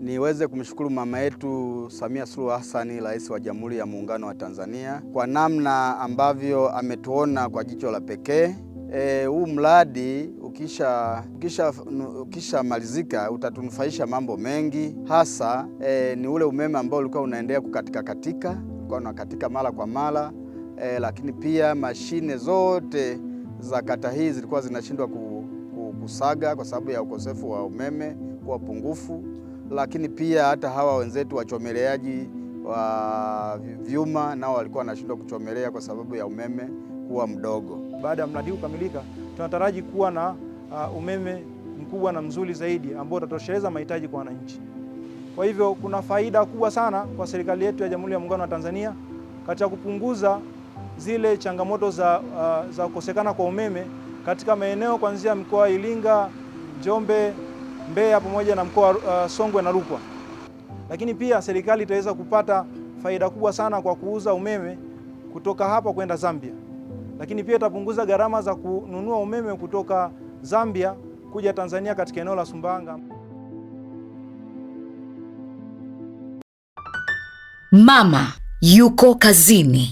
Niweze kumshukuru mama yetu Samia Suluhu Hassan, rais wa Jamhuri ya Muungano wa Tanzania, kwa namna ambavyo ametuona kwa jicho la pekee. E, huu mradi ukisha ukishamalizika ukisha utatunufaisha mambo mengi, hasa e, ni ule umeme ambao ulikuwa unaendelea kukatika katika, ulikuwa unakatika mara kwa mara e, lakini pia mashine zote za kata hii zilikuwa zinashindwa kusaga kwa sababu ya ukosefu wa umeme kuwa pungufu lakini pia hata hawa wenzetu wachomeleaji wa vyuma nao walikuwa wanashindwa kuchomelea kwa sababu ya umeme kuwa mdogo. Baada ya mradi huu kukamilika, tunataraji kuwa na uh, umeme mkubwa na mzuri zaidi ambao utatosheleza mahitaji kwa wananchi. Kwa hivyo kuna faida kubwa sana kwa serikali yetu ya Jamhuri ya Muungano wa Tanzania katika kupunguza zile changamoto za, uh, za kukosekana kwa umeme katika maeneo kuanzia mkoa wa Iringa, Njombe Mbeya pamoja na mkoa uh, Songwe na Rukwa. Lakini pia serikali itaweza kupata faida kubwa sana kwa kuuza umeme kutoka hapa kwenda Zambia. Lakini pia itapunguza gharama za kununua umeme kutoka Zambia kuja Tanzania katika eneo la Sumbawanga. Mama yuko kazini.